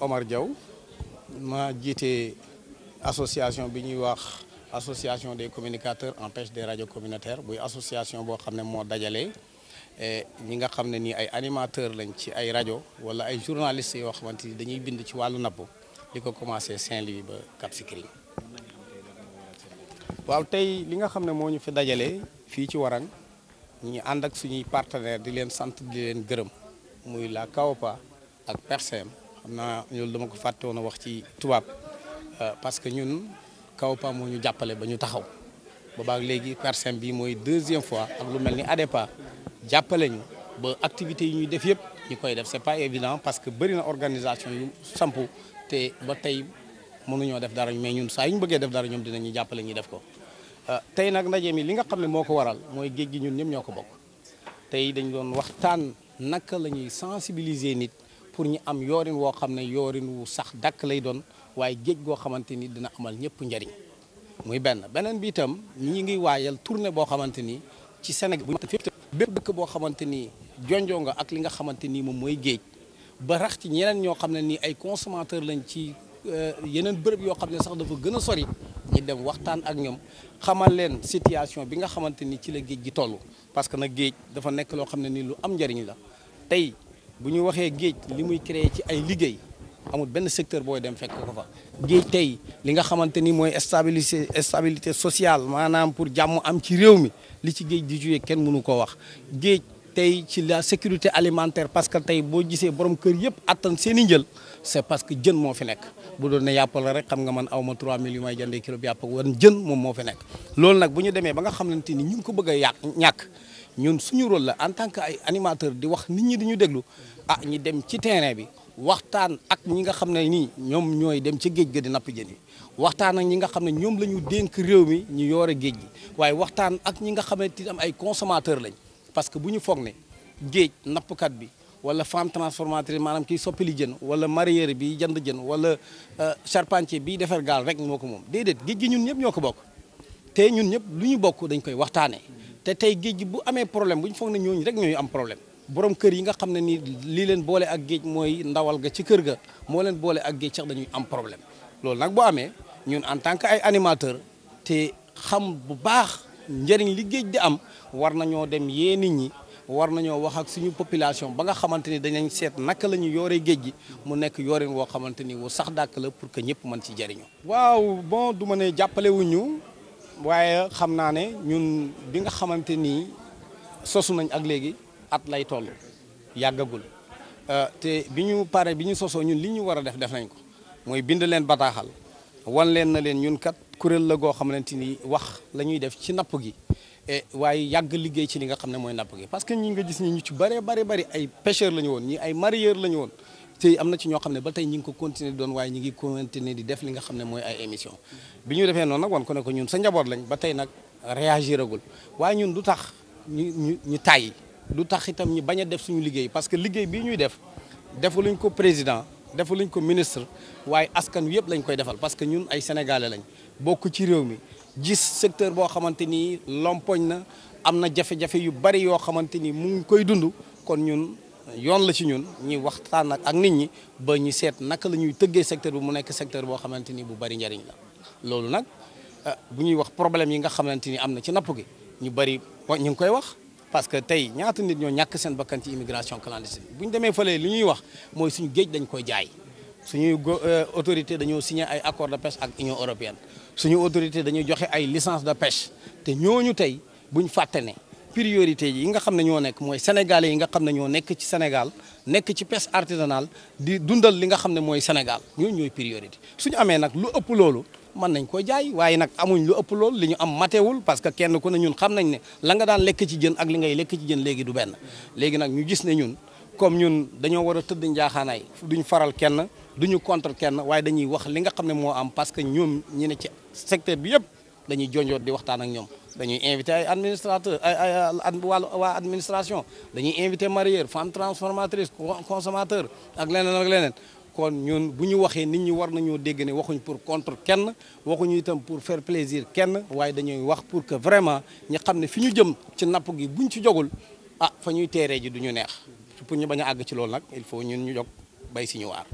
Omar Diaw ma jité association bi ñuy wax association des communicateurs en pêche des radios communautaires bu association bo xamné mo dajalé dajale eh, ñi nga xamné ni ay animateurs lañ ci ay rajo wala ay journalistes yo xamante dañuy bind ci walu napp li Saint-Louis ba Cap Skirring waaw tay li nga xamné mo ñu fi dajalé fi ci Warang ñi ànd ak suñuy partenaires di leen sante di leen gërëm muy la ak PERSEM xam naa loolu dama ko fàtte wax ci tubaab euh, parce que ñun Kawpa moo ñu jàppale ba ñu taxaw boobaak léegi persim bi mooy deuxième fois ak lu mel ni ADEPA jàppale ñu ba activité yi ñuy def yëpp ñu koy def c'est pas évident parce que bëri na organisation yu sampu te ba tey mënuñoo def dara mais ñun saa yu ñu bëggee def dara ñoom dinañu jàppale ñu def ko euh, tey nag ndaje mi li nga xam ne moo ko waral mooy géej gi ñun ñëpp ñoo ko bokk tey dañ doon sensibiliser nit pour ñu am yoorin woo xam ne yoorin wu sax dàkk lay doon waaye géej goo xamante ni dina amal ñëpp njariñ muy benn beneen bi itam ñi ngi waayal tourne boo xamante ni ci Sénégal bu fépp bépp dëkk boo xamante ni jonjoo ak li nga xamante ni moom mooy géej ba rax ci ñeneen ñoo xam ne nii ay consommateur lañ ci euh, yeneen bërëb yoo xam ne sax dafa gën a sori ñu dem waxtaan ak ñoom xamal leen situation bi nga xamante ni ci la géej gi tollu parce que nag géej dafa nekk loo xam ne nii lu am njariñ la bu ñu waxee géej li muy créer ci ay liggéey amul benn secteur booy dem fekk ko fa géej tey li nga xamante ni mooy stabilité stabilité sociale maanaam pour jàmm am ci réew mi li ci géej di juyee kenn mënu ko wax géej tey ci la sécurité alimentaire parce que tey boo gisee borom kër yëpp attan seen i njël c'est parce que jën moo fi nekk bu doon ne yàpp la rek xam nga man awma 3000 yu may jëndee kilo bi yàpp wan jën moom moo fi nekk loolu nag bu ñu demee ba nga xamante ni ñu ngi ko bëgg a yàq ñàkk ñun suñu rôle la en tant que ay animateur di wax nit ñi dañu ñu déglu ah ñi dem ci terrain bi waxtaan ak ñi nga xam ne nii ñoom ñooy dem ci géej ga di napp jën yi waxtaan ak ñi nga xam ne ñoom la ñu dénk réew mi ñu yore géej gi waaye waxtaan ak ñi nga xam ne itam ay consommateur lañ parce que bu ñu foog ne géej nappkat bi wala femme transformatrice maanaam kii soppali jën wala mareyeur bi jënd jën wala euh, charpentier bi defar gaal rek moo ko moom déedéet géej gi ñun ñëpp ñoo ko bokk te ñun ñëpp lu ñu bokk dañ koy waxtaanee te tey géej gi bu amee problème bu ñu foog ne ñooñu rek ñooy am problème borom kër yi nga xam ne ni lii leen boole ak géej mooy ndawal ga ci kër ga moo leen boole ak géej sax dañuy am problème loolu nag bu amee ñun en tant que ay animateur te xam bu baax njëriñ li géej di am war nañoo dem yee nit ñi war nañoo wax ak suñu population ba nga xamante ni danañ seet naka la ñu yooree géej gi mu nekk yorin woo xamante ni wu sax dàkk la pour que ñëpp mën ci jëriñu waaye xam naa ne ñun bi nga xamante nii sosu nañ ak léegi at lay toll yàggagul euh, te bi ñu paree bi ñu sosoo ñun li ñu war a def def nañ ko mooy bind leen bataaxal wan leen na leen ñun kat kuréel la goo xamante ni wax la ñuy def ci napp gi e, waaye yàgg liggéey ci li nga xam ne mooy napp gi parce que ñi nga gis ñi ñu ci bëree bëri bari ay pêcheur la ñu woon ñi ay mareyeur la ñu woon te am na ci ñoo xam ne ba tey ñu ngi ko continuer doon waaye ñi ngi continuer di def li nga xam ne mooy ay émission bi ñu defee noon nag wan ko ne ko ñun sa njaboot lañ ba tey nag réagir agul waaye ñun du tax ñu ñu ñu tàyyi du tax itam ñu bañ a def suñu liggéey parce que liggéey bi ñuy def defaluñ ko président defaluñ ko ministre waaye askan wi yëpp lañ koy defal parce que ñun ay sénégalais lañ bokk ci réew mi jis secteur boo xamante ni lompoñ na am na jafe yu bari yoo xamante ni mu ngi koy dund yoon la ci ñun ñi waxtaan ak nit ñi ba ñu seet naka la ñuy tëggee secteur bi mu nekk secteur boo xamante ni bu bari njariñ la loolu nag ah, bu ñuy wax problème yi nga xamante ni am na ci napp gi ñu bari ñu ngi koy wax parce que tey ñaata nit ñoo ñàkk seen bakkan ci immigration clandestine bu ñu demee fële li ñuy wax mooy suñu géej dañ koy jaay suñuy go euh, autorité dañoo signé ay accord de pêche ak union européenne suñu autorité dañuy joxe ay licence de pêche priorité yi nga xam ne ñoo nekk mooy sénégalais yi nga xam ne nekk ci Sénégal nekk ci pes artisanale di dundal li nga xam ne mooy Sénégal ñooñu ñooy priorité suñu amee nag lu ëpp loolu mën nañ ko jaay waaye nag amuñ lu ëpp loolu li ñu am matewul parce que kenn ku ne ñun xam nañ ne la nga daan lekk ci jën ak li ngay lekk ci jën léegi du benn léegi nag ñu gis ne ñun comme ñun dañoo war a tëdd njaaxaanaay duñ faral kenn duñu contre kenn waaye dañuy wax li nga xam ne moo am parce que ñoom ñu ne ci secteur bi yëpp dañuy jonjoot di waxtaan ak ñoom dañuy invité ay administrateur ay ay wàllu administration dañuy invité marier femme transformatrice consommateur ak leneen ak leneen kon ñun buñu waxé nit ñi war nañu dégg né waxuñ pour contre kenn waxuñu itam pour faire plaisir kenn waaye dañuy wax pour que vraiment ñi xamné fiñu jëm ci napp gi buñ ci jogul ah fañuy ñuy ji duñu neex pour ñu baña ag ci lool nak il faut ñun ñu jog bay siñu war